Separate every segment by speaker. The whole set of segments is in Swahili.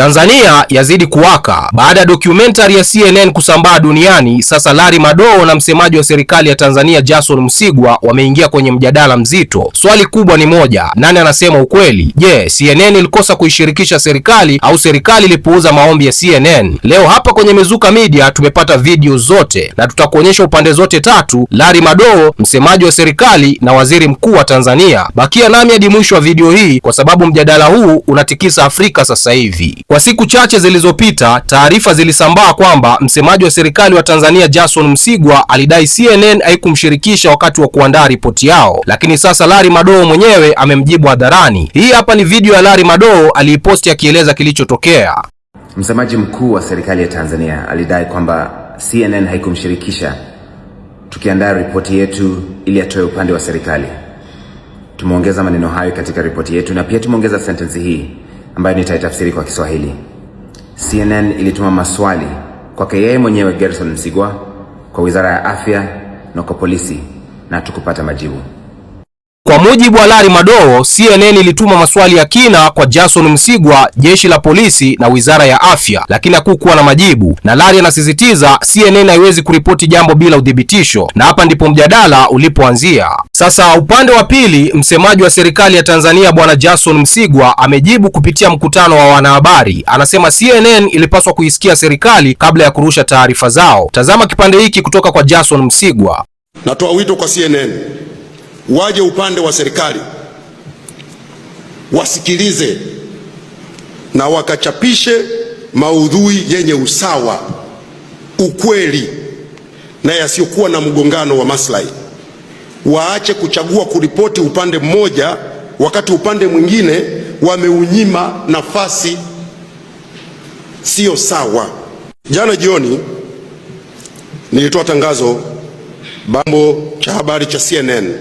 Speaker 1: Tanzania yazidi kuwaka baada ya documentary ya CNN kusambaa duniani. Sasa Larry Madowo na msemaji wa serikali ya Tanzania Jason Msigwa wameingia kwenye mjadala mzito. Swali kubwa ni moja, nani anasema ukweli? Je, yeah, CNN ilikosa kuishirikisha serikali au serikali ilipuuza maombi ya CNN? Leo hapa kwenye Mizuka Media tumepata video zote na tutakuonyesha upande zote tatu, Larry Madowo, msemaji wa serikali na waziri mkuu wa Tanzania. Bakia nami hadi mwisho wa video hii kwa sababu mjadala huu unatikisa Afrika sasa hivi. Kwa siku chache zilizopita, taarifa zilisambaa kwamba msemaji wa serikali wa Tanzania Jason Msigwa alidai CNN haikumshirikisha wakati wa kuandaa ripoti yao, lakini sasa Larry Madowo mwenyewe amemjibu hadharani. Hii hapa ni video ya Larry Madowo aliiposti akieleza kilichotokea.
Speaker 2: Msemaji mkuu wa serikali ya Tanzania alidai kwamba CNN haikumshirikisha tukiandaa ripoti yetu ili atoe upande wa serikali. Tumeongeza maneno hayo katika ripoti yetu na pia tumeongeza sentensi hii ambayo nitaitafsiri kwa Kiswahili. CNN ilituma maswali kwake yeye mwenyewe Gerson Msigwa, kwa Wizara ya Afya na kwa polisi na tukupata majibu.
Speaker 1: Kwa mujibu wa Larry Madowo, CNN ilituma maswali ya kina kwa Jason Msigwa, jeshi la polisi na wizara ya afya, lakini hakukuwa na majibu, na Larry anasisitiza CNN haiwezi kuripoti jambo bila uthibitisho, na hapa ndipo mjadala ulipoanzia. Sasa upande wa pili, msemaji wa serikali ya Tanzania Bwana Jason Msigwa amejibu kupitia mkutano wa wanahabari, anasema CNN ilipaswa kuisikia serikali kabla ya kurusha taarifa zao. Tazama kipande hiki kutoka kwa Jason Msigwa.
Speaker 3: Natoa wito kwa CNN waje upande wa serikali wasikilize na wakachapishe maudhui yenye usawa, ukweli na yasiyokuwa na mgongano wa maslahi. Waache kuchagua kuripoti upande mmoja wakati upande mwingine wameunyima nafasi. Sio sawa. Jana jioni nilitoa tangazo bambo cha habari cha CNN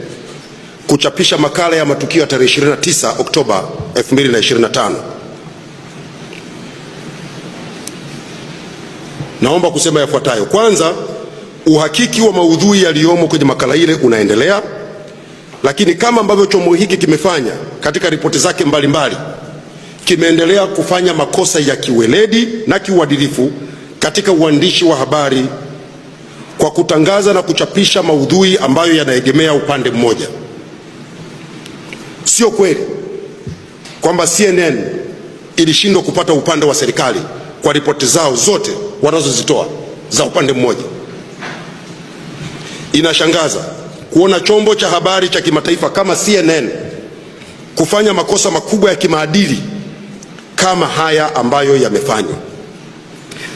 Speaker 3: kuchapisha makala ya matukio ya tarehe 29 Oktoba 2025. Naomba kusema yafuatayo. Kwanza, uhakiki wa maudhui yaliyomo kwenye makala ile unaendelea, lakini kama ambavyo chombo hiki kimefanya katika ripoti zake mbalimbali mbali, kimeendelea kufanya makosa ya kiweledi na kiuadilifu katika uandishi wa habari kwa kutangaza na kuchapisha maudhui ambayo yanaegemea upande mmoja. Sio kweli kwamba CNN ilishindwa kupata upande wa serikali kwa ripoti zao zote wanazozitoa za upande mmoja. Inashangaza kuona chombo cha habari cha kimataifa kama CNN kufanya makosa makubwa ya kimaadili kama haya ambayo yamefanywa.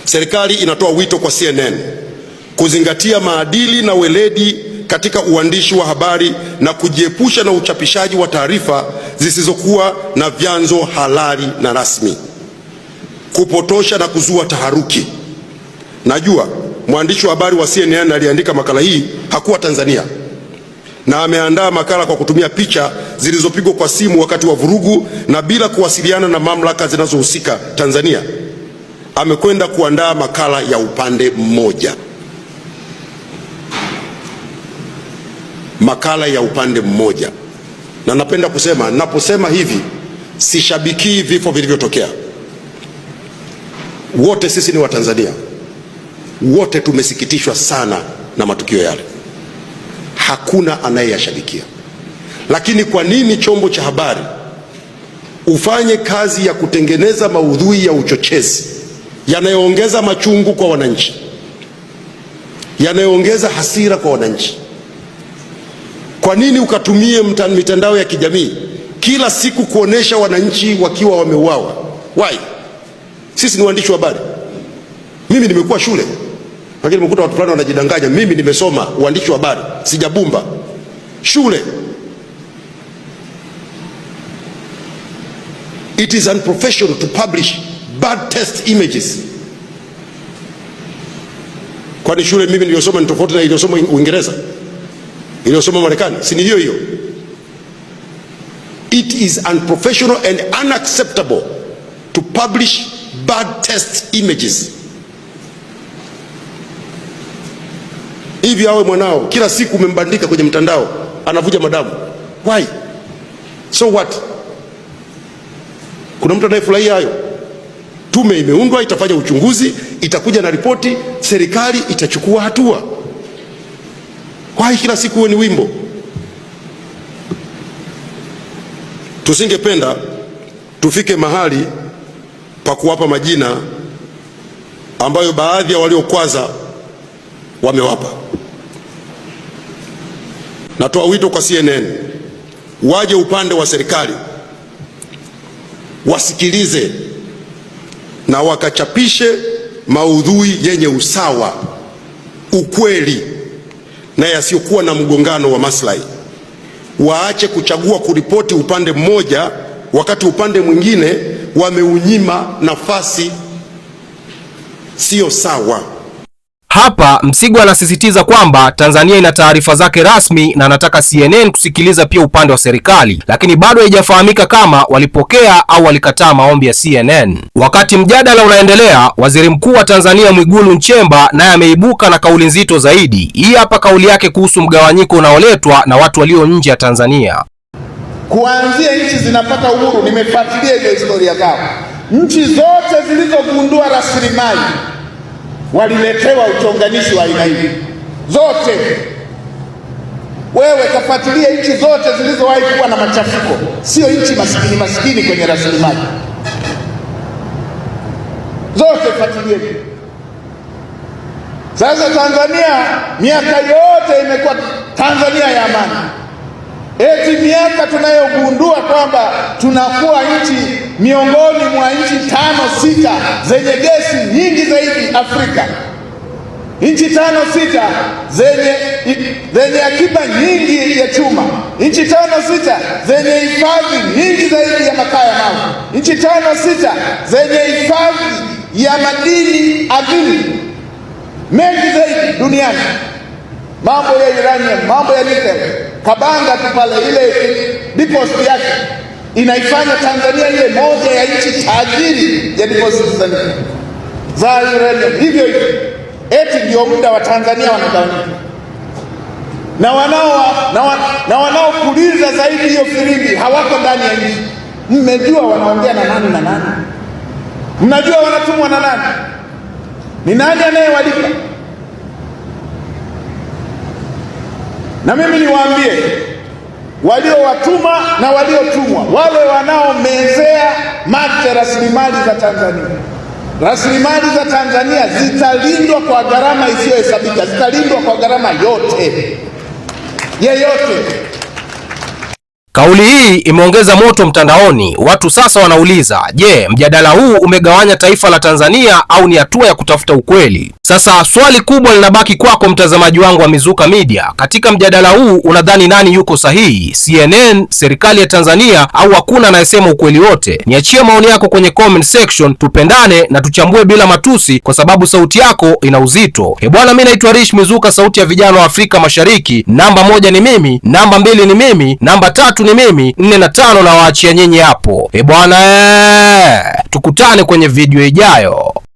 Speaker 3: Serikali inatoa wito kwa CNN kuzingatia maadili na weledi katika uandishi wa habari na kujiepusha na uchapishaji wa taarifa zisizokuwa na vyanzo halali na rasmi, kupotosha na kuzua taharuki. Najua mwandishi wa habari wa CNN aliandika makala hii hakuwa Tanzania na ameandaa makala kwa kutumia picha zilizopigwa kwa simu wakati wa vurugu na bila kuwasiliana na mamlaka zinazohusika Tanzania. Amekwenda kuandaa makala ya upande mmoja. makala ya upande mmoja, na napenda kusema, naposema hivi sishabikii vifo vilivyotokea. Wote sisi ni Watanzania, wote tumesikitishwa sana na matukio yale, hakuna anayeyashabikia. Lakini kwa nini chombo cha habari ufanye kazi ya kutengeneza maudhui ya uchochezi yanayoongeza machungu kwa wananchi, yanayoongeza hasira kwa wananchi kwa nini ukatumie mitandao ya kijamii kila siku kuonesha wananchi wakiwa wameuawa? Why? Sisi ni waandishi wa habari. Mimi nimekuwa shule, lakini nimekuta watu fulani wanajidanganya. Mimi nimesoma uandishi wa habari, sijabumba shule. It is unprofessional to publish bad test images. Kwani shule mimi niliyosoma ni tofauti na iliyosoma Uingereza? iliyosoma Marekani, si ni hiyo hiyo? It is unprofessional and unacceptable to publish bad test images. Hivi awe mwanao kila siku umembandika kwenye mtandao anavuja madamu, why so what? Kuna mtu anayefurahia hayo? Tume imeundwa, itafanya uchunguzi, itakuja na ripoti, serikali itachukua hatua. Kwa hiyo kila siku uwe ni wimbo. Tusingependa tufike mahali pa kuwapa majina ambayo baadhi ya waliokwaza wamewapa. Natoa wito kwa CNN waje upande wa serikali wasikilize na wakachapishe maudhui yenye usawa, ukweli na yasiyokuwa na mgongano wa maslahi. Waache kuchagua kuripoti upande mmoja wakati upande mwingine wameunyima nafasi, siyo sawa.
Speaker 1: Hapa Msigwa anasisitiza kwamba Tanzania ina taarifa zake rasmi na anataka CNN kusikiliza pia upande wa serikali, lakini bado haijafahamika kama walipokea au walikataa maombi ya CNN. Wakati mjadala unaendelea, Waziri Mkuu wa Tanzania Mwigulu Nchemba naye ameibuka na kauli nzito zaidi. Hii hapa kauli yake kuhusu mgawanyiko unaoletwa na watu walio nje ya Tanzania.
Speaker 4: Kuanzia nchi zinapata uhuru, nimefuatilia hiyo historia zao, nchi zote zilizogundua rasilimali waliletewa uchonganishi wa aina hii zote. Wewe kafuatilia nchi zote zilizowahi kuwa na machafuko, sio nchi masikini masikini kwenye rasilimali zote, fuatilie. Sasa Tanzania miaka yote imekuwa Tanzania ya amani. Eti miaka tunayogundua kwamba tunakuwa nchi miongoni mwa nchi tano sita zenye gesi nyingi zaidi Afrika, nchi tano sita zenye, zenye akiba nyingi ya chuma, nchi tano sita zenye hifadhi nyingi zaidi ya makaa ya mawe, nchi tano sita zenye hifadhi ya madini adimu mengi zaidi duniani, mambo ya uranium, mambo ya nickel Kabanga tu pale, ile deposit yake inaifanya Tanzania ile moja ya nchi tajiri ya deposit za uranium. Hivyo hivyo eti ndio muda wa Tanzania wanagawanyika na wanao na zaidi hiyo filimbi hawako ndani ya nchi. Mmejua wanaongea na nani na nani? Mnajua wanatumwa na nani? Ni nani anayewalipa? Na mimi niwaambie waliowatuma na waliotumwa, wale wanaomezea mate ya rasilimali za Tanzania. Rasilimali za Tanzania zitalindwa kwa gharama isiyohesabika, zitalindwa kwa gharama yote yeyote.
Speaker 1: Kauli hii imeongeza moto mtandaoni. Watu sasa wanauliza, je, mjadala huu umegawanya taifa la Tanzania au ni hatua ya kutafuta ukweli? Sasa swali kubwa linabaki kwako, mtazamaji wangu wa Mizuka Media. Katika mjadala huu, unadhani nani yuko sahihi, CNN, serikali ya Tanzania au hakuna anayesema ukweli wote? Niachie maoni yako kwenye comment section, tupendane na tuchambue bila matusi, kwa sababu sauti yako ina uzito. He eh bwana, mimi naitwa Rish Mizuka, sauti ya vijana wa Afrika Mashariki. Namba moja ni mimi, namba mbili ni mimi, namba tatu ni mimi, nne na tano na waachia nyinyi hapo. He eh bwana, ee, tukutane kwenye video ijayo.